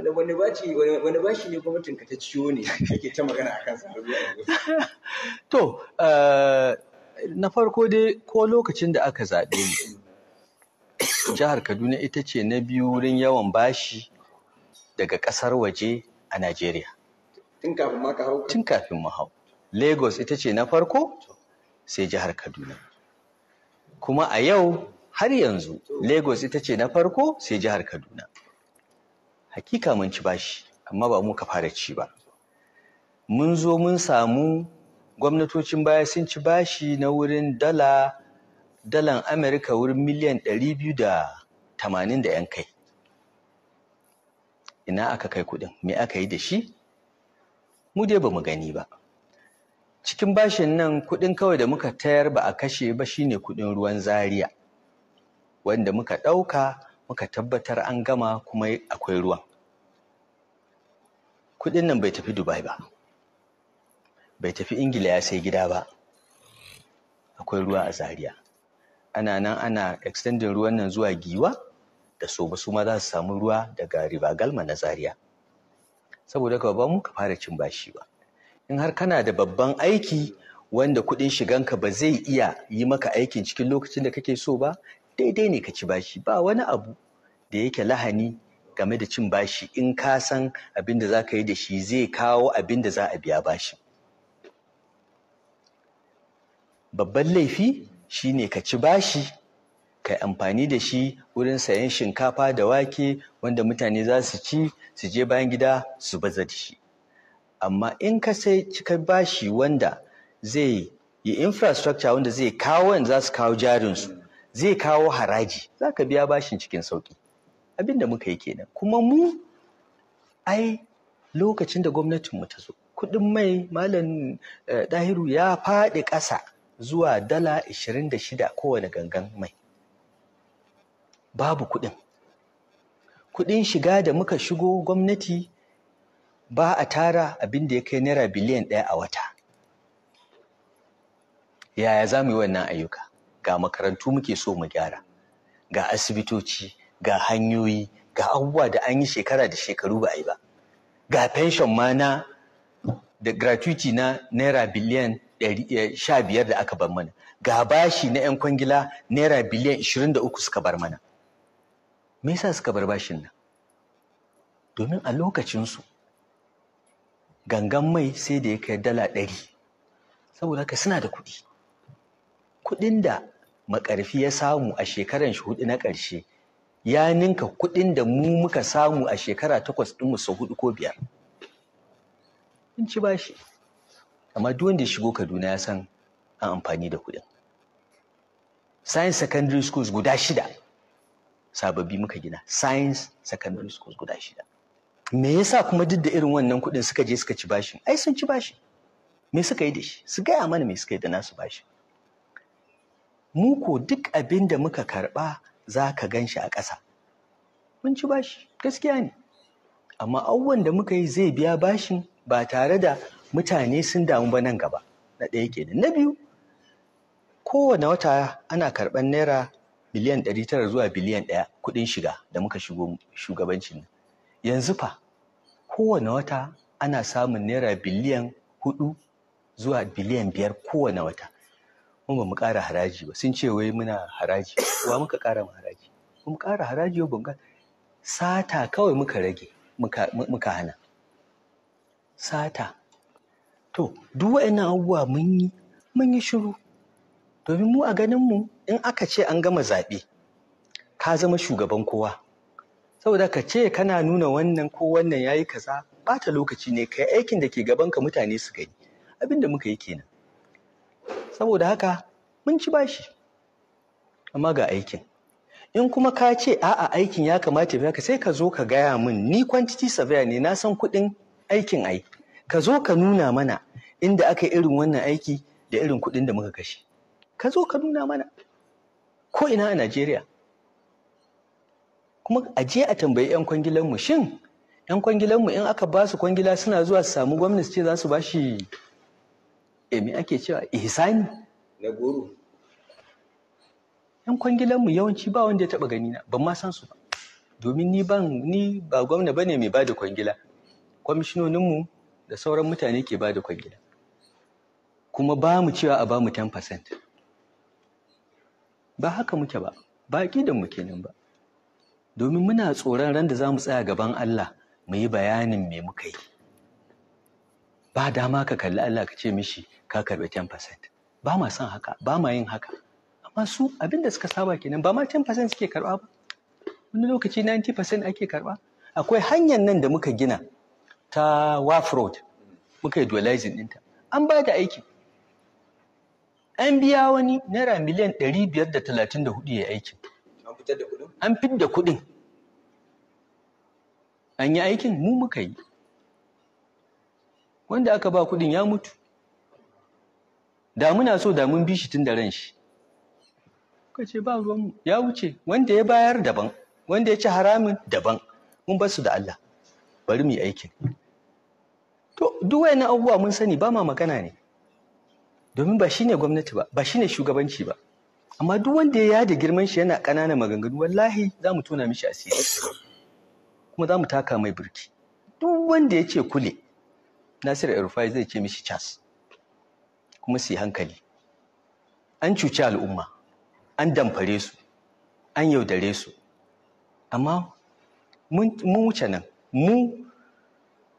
to eh, na farko dai ko lokacin da aka zaɓe ni jihar Kaduna ita ce na biyu wurin yawan bashi daga ƙasar waje a Najeriya. Tun kafin ma Tun kafin mu hau. Lagos ita ce na farko sai jihar Kaduna. Kuma a yau har yanzu Lagos ita ce na farko sai jihar Kaduna. hakika mun ci bashi amma ba mu ka fara ci ba mun zo mun samu gwamnatocin baya sun ci bashi na wurin dala dalan Amerika wurin miliyan ɗari biyu da tamanin ‘yan kai. Ina aka kai kuɗin, me aka yi da shi? Mu dai ba mu gani ba. Cikin bashin nan kuɗin kawai da muka tayar ba a kashe ba shine kuɗin ruwan zaria, wanda muka ɗauka muka tabbatar an gama kuma akwai ruwa. Kuɗin nan bai tafi dubai ba bai tafi ingila ya sai gida ba akwai ruwa a zaria ana nan ana extending ruwan nan zuwa giwa da so su ma za su samu ruwa daga riba galma na zaria saboda ka ba mu ka fara cin bashi ba in har kana da babban aiki wanda kuɗin shiganka ba zai iya yi maka aikin cikin lokacin da kake so ba daidai ne ka ci bashi ba wani abu da yake lahani game da cin bashi in ka san abin da za ka yi da shi zai kawo abin da za a biya bashi babban laifi shi ne ka ci bashi ka amfani da shi wurin sayan shinkafa da wake wanda mutane za su ci su je bayan gida su baza da shi amma in ka sai cika bashi wanda zai yi infrastructure wanda zai kawo wanda za su kawo jarinsu zai kawo haraji za ka biya bashin cikin sauƙi Abinda da muka yi kenan kuma mu ai lokacin da gwamnatinmu ta zo kuɗin mai malam eh, Dahiru ya faɗi ƙasa zuwa dala 26 kowane gangan mai babu kuɗin kuɗin shiga da muka shigo gwamnati ba a tara abin da ya kai naira biliyan ɗaya a wata yaya za mu yi wannan ayyuka ga makarantu muke so mu gyara ga asibitoci ga hanyoyi ga abubuwa da an yi shekara da shekaru ba a ba ga pension ma na da gratuity na naira biliyan eh, sha biyar da aka bar mana ga bashi na 'yan kwangila naira biliyan 23 suka bar mana me yasa suka bar bashin nan domin a lokacinsu gangan mai sai da ya kai dala ɗari saboda haka suna da kuɗi kuɗin da makarfi ya samu a shekaran shi hudu na ƙarshe ya ninka kuɗin da mu muka samu a shekara takwas ɗin musu hudu ko biyar in ci bashi amma duk wanda ya shigo kaduna ya san an amfani da kuɗin science secondary schools guda shida sababbi muka gina science secondary schools guda shida me yasa kuma duk da irin wannan kuɗin suka je suka ci bashin ai sun ci bashin me suka yi da shi su gaya mana me suka yi da nasu bashin mu ko duk abin da muka karɓa za ka gan shi a ƙasa mun ci bashi gaskiya ne amma auwan da muka yi zai biya bashin ba tare da mutane sun damu ba nan gaba na ɗaya ke na biyu kowane wata ana karɓar naira biliyan ɗari tara zuwa biliyan ɗaya kuɗin shiga da muka shigo shugabancin nan yanzu fa kowane wata ana samun naira biliyan hudu zuwa biliyan biyar kowane wata kuma ba mu ƙara haraji ba sun ce wai muna haraji wa muka ƙara mu haraji mu ƙara haraji ba ga sata kawai muka rage muka hana sata to duk wa'annan abubuwa mun yi mun yi shiru domin mu a ganin mu in aka ce an gama zaɓe ka zama shugaban kowa saboda ka ce kana nuna wannan ko wannan yayi kaza bata lokaci ne kai aikin da ke gaban ka mutane su gani abinda muka yi kenan saboda haka mun ci bashi amma ga aikin in kuma ka ce a'a aikin ya kamata ya ka sai ka zo ka gaya min ni kwantiti surveyor ne na san kuɗin aikin ai ka zo ka nuna mana inda aka yi irin wannan aiki da irin kuɗin da muka kashe ka zo ka nuna mana ko ina a Najeriya kuma a je a tambayi 'yan kwangilanmu shin 'yan kwangilanmu in aka ba su kwangila suna zuwa su samu gwamnati ce za su ba shi E, me ake cewa ihsani na goro yan kwangilan mu yawanci ba wanda ya taba gani na ban ma san su ba domin ni ban ni ba gwamna bane mai bada kwangila kwamishinonin mu da sauran mutane ke bada kwangila kuma ba mu cewa a ba mu 10% ba haka muke ba ba da mu kenan ba domin muna tsoron ran da za mu tsaya gaban Allah mu yi bayanin me muka yi ba dama ka kalli Allah ka ce mishi ka karbi 10% ba ma son haka ba ma yin haka amma su abin da suka saba kenan ba ma 10% suke karba ba wani lokaci 90% ake karba akwai hanyar nan da muka gina ta WAF road muka yi dualizing ɗinta an ba da aiki an biya wani naira miliyan 534 ya aikin an fitar da kuɗin an yi aikin mu muka yi wanda aka ba kuɗin ya mutu da muna so da mun bi shi tun da ran shi ka ce ba mu. ya wuce wanda ya bayar daban wanda ya ci haramin daban mun bar su da Allah bari mu yi aikin to duk wayannan abubuwa mun sani ba ma magana ne domin ba shine gwamnati ba ba shine shugabanci ba amma duk wanda ya yada girman shi yana ƙananan maganganu wallahi za mu tona mishi asiri kuma za mu taka mai birki duk wanda ya ce kule Nasiru irfai zai ce mishi cas kuma su yi hankali an cuci al'umma an damfare su an yaudare su amma mun wuce nan mu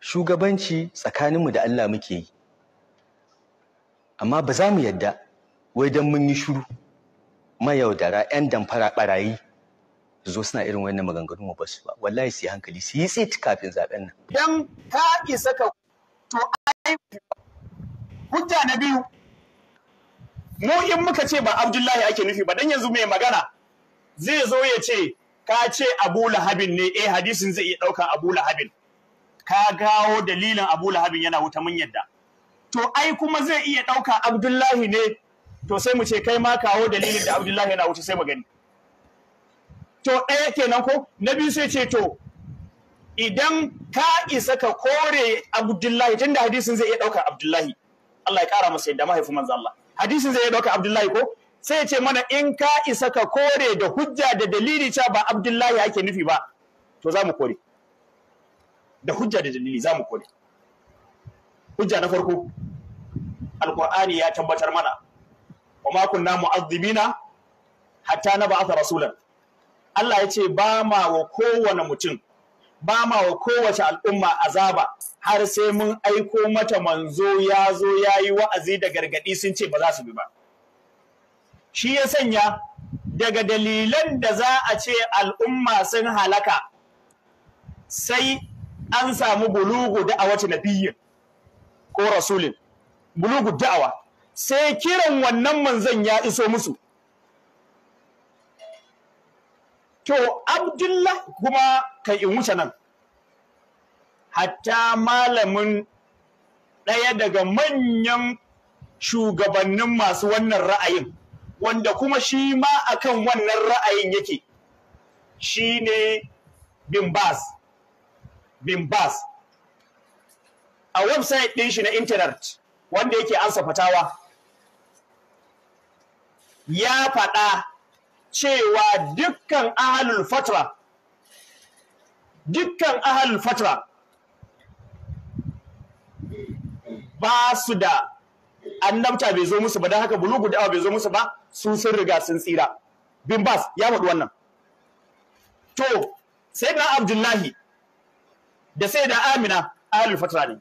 shugabanci tsakaninmu da Allah muke yi amma ba za mu yadda wai don mun yi shuru mayaudara 'yan damfara barayi zo suna irin wannan maganganun ba su ba wallahi su yi hankali su yi tsit kafin zaben nan don ka isa ka to hujja na biyu mu in muka ce ba abdullahi ake nufi ba dan yanzu mai magana zai zo ya ce ka ce abu lahabin ne eh hadisin zai iya ɗaukan abu lahabin ka gawo dalilin abu lahabin yana wuta mun yadda to ai kuma zai iya ɗauka abdullahi ne to sai mu ce kai ma kawo dalilin da abdullahi yana wuta sai mu gani to ɗaya kenan ko na biyu sai ce to idan ka isa ka kore abdullahi tunda hadisin zai iya ɗauka abdullahi Allah ya kara masa yadda mahaifin manzo Allah hadisin zai dauka Abdullahi ko sai ya ce mana in ka isa ka kore da hujja da dalili cewa ba Abdullahi yake nufi ba to za mu kore da hujja da dalili za mu kore hujja na farko alqur'ani ya tabbatar mana wa ma kunna mu'azzibina hatta nab'atha rasulan Allah ya ce ba ma wa kowane mutum ba ma wa kowace al'umma azaba har sai mun aiko mata manzo ya zo ya yi wa'azi da gargaɗi sun ce ba za su bi ba. Shi ya sanya daga dalilan da za a ce al'umma sun halaka sai an samu bulugu da'awa ta nabiyyin ko rasulin, bulugu da'awa, sai kiran wannan manzon ya iso musu. to abdullah kuma kai in wuce nan hatta malamin ɗaya daga manyan shugabannin masu wannan ra'ayin wanda kuma shi ma akan wannan ra'ayin yake shi ne bin a website ɗin shi na intanet wanda yake ansa fatawa ya faɗa cewa dukkan ahalul fatra dukkan ahalul fatra ba su da annabta bai zo musu ba dan haka bulugu da'awa bai zo musu ba su sun riga sun tsira bin bas ya faɗi wannan to sai na abdullahi da sai da amina ahalul fatra ne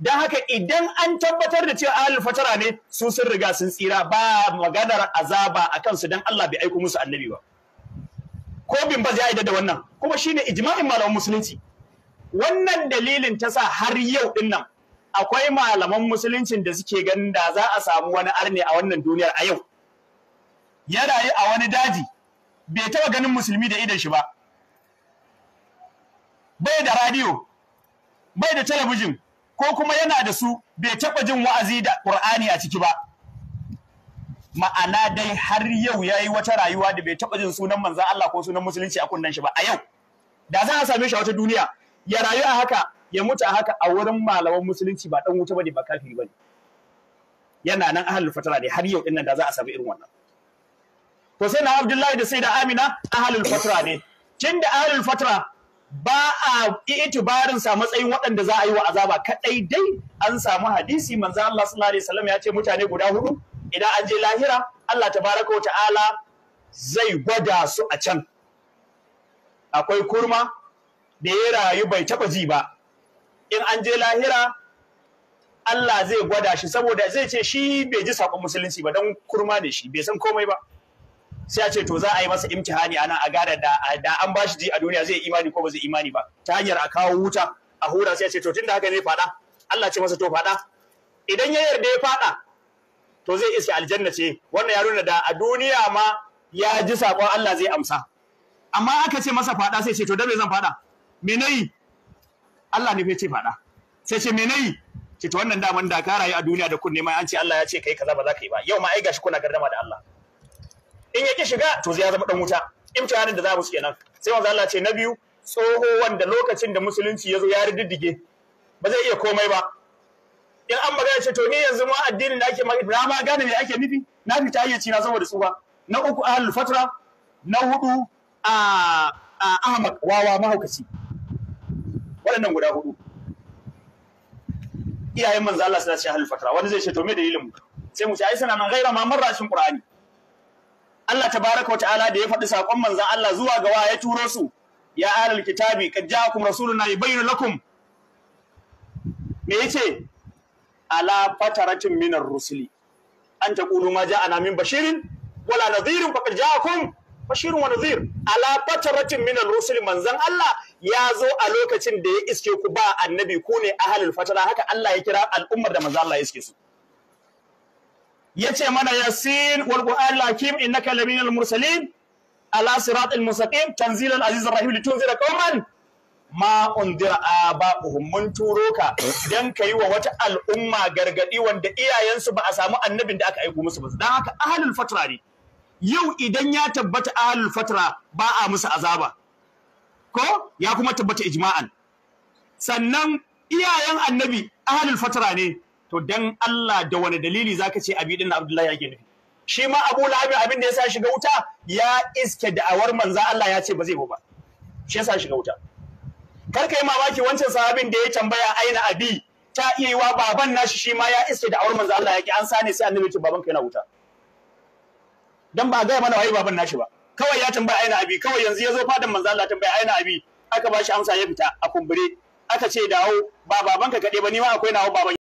don haka idan an tabbatar da cewa ahlul fatara ne su sun riga sun tsira ba maganar azaba a kansu don Allah bai aiko musu annabi ba ko bin ba ya da wannan kuma shine ijma'in malaman musulunci wannan dalilin ta sa har yau din nan akwai malaman musuluncin da suke ganin da za a samu wani arne a wannan duniyar a yau ya rayu a wani daji bai taɓa ganin musulmi da idan shi ba bai da radio bai da talabijin ko kuma yana da su bai taɓa jin wa'azi da ƙur'ani a ciki ba ma'ana dai har yau ya yi wata rayuwa da bai taɓa jin sunan manzan Allah ko sunan musulunci a kunnen shi ba a yau da za a same shi a wata duniya ya rayu a haka ya mutu a haka a wurin malaman musulunci ba ɗan wuta ne, ba kafiri ne. yana nan ahlul fatara ne har yau ɗin nan da za a samu irin wannan to sai na Abdullahi da sai da Amina ahlul fatara ne da ahlul fatara ba a itibarin sa matsayin waɗanda za a yi wa azaba Kaɗai dai an samu hadisi manzo Allah sallallahu alaihi wasallam ya ce mutane guda hudu idan an je lahira Allah tabaraka wa ta'ala zai gwada su a can akwai kurma da ya rayu bai taba ji ba in an je lahira Allah zai gwada shi saboda zai ce shi bai ji sakon musulunci ba don kurma ne shi bai san komai ba sai a ce to za a yi masa imtihani a nan a gada da da an bashi ji a duniya zai imani ko ba zai imani ba ta hanyar a kawo wuta a hura sai a ce to tunda haka ne fada Allah ce masa to fada idan ya yarda ya fada to zai isa aljanna ce wannan ya nuna da a duniya ma ya ji sakon Allah zai amsa amma aka ce masa fada sai ce to da me zan fada me nayi Allah ne fa ce fada sai ce me nayi ce to wannan daman da ka rayu a duniya da kunne mai an ce Allah ya ce kai kaza ba za ka yi ba yau ma ai gashi kuna gardama da Allah in yake shiga to zai zama dan wuta imtihanin da za mu su kenan sai manzo Allah ce na biyu tsoho wanda lokacin da musulunci ya zo ya riddige ba zai iya komai ba in an magana ce to ni yanzu ma addinin da ake magana na ma gane me ake nufi na fita ayyaci na saboda tsufa na uku ahlul fatra na hudu a ahmak wawa mahaukaci waɗannan guda hudu iyayen manzo Allah suna ce ahlul fatra wani zai ce to me dalilin mu sai mu ce ai sana nan gairama ma marrashin qur'ani Allah tabaraka wa ta'ala da ya faɗi saƙon manzan Allah zuwa ga ya turo su ya ahlul kitabi qad ja'akum rasuluna yubayyinu lakum me yace ala fataratin minar rusuli an taqulu ma ja'ana min bashirin wala nadhirin faqad ja'akum bashirun wa nadhir ala fataratin minar rusuli manzan Allah ya zo a lokacin da ya iske ku ba annabi ku ne ahlul fatara haka Allah ya kira al'ummar da manzan Allah ya iske su Ya ce mana yasin wal qur'an lakim innaka laminal mursalin ala siratil mustaqim tanzilal azizir rahim litunzira qauman ma undira aba'uhum mun turo ka dan kai wa wata al'umma gargadi wanda iyayensu ba a samu annabin da aka aiko musu ba dan haka ahlul fatra ne yau idan ya tabbata ahlul fatra ba a musu azaba ko ya kuma tabbata ijma'an sannan iyayen annabi ahlul fatra ne to dan Allah da wani dalili zaka ce abi din Abdullahi yake nufi shi ma Abu Lahab abin da ya sa shiga wuta ya iske da'awar manzo Allah ya ce ba zai ba shi yasa shiga wuta kar kai mamaki wancan sahabin da ya tambaya aina abi ta iya yiwa baban nashi shi ma ya iske da'awar manzo Allah yake an sane sai annabi ce baban ka yana wuta dan ba ga mana waye baban nashi ba kawai ya tambaya aina abi kawai yanzu ya zo fadan manzo Allah tambaya aina abi aka bashi amsa ya fita a kumbure aka ce dawo ba babanka kaɗai ba ni ma akwai nawa baban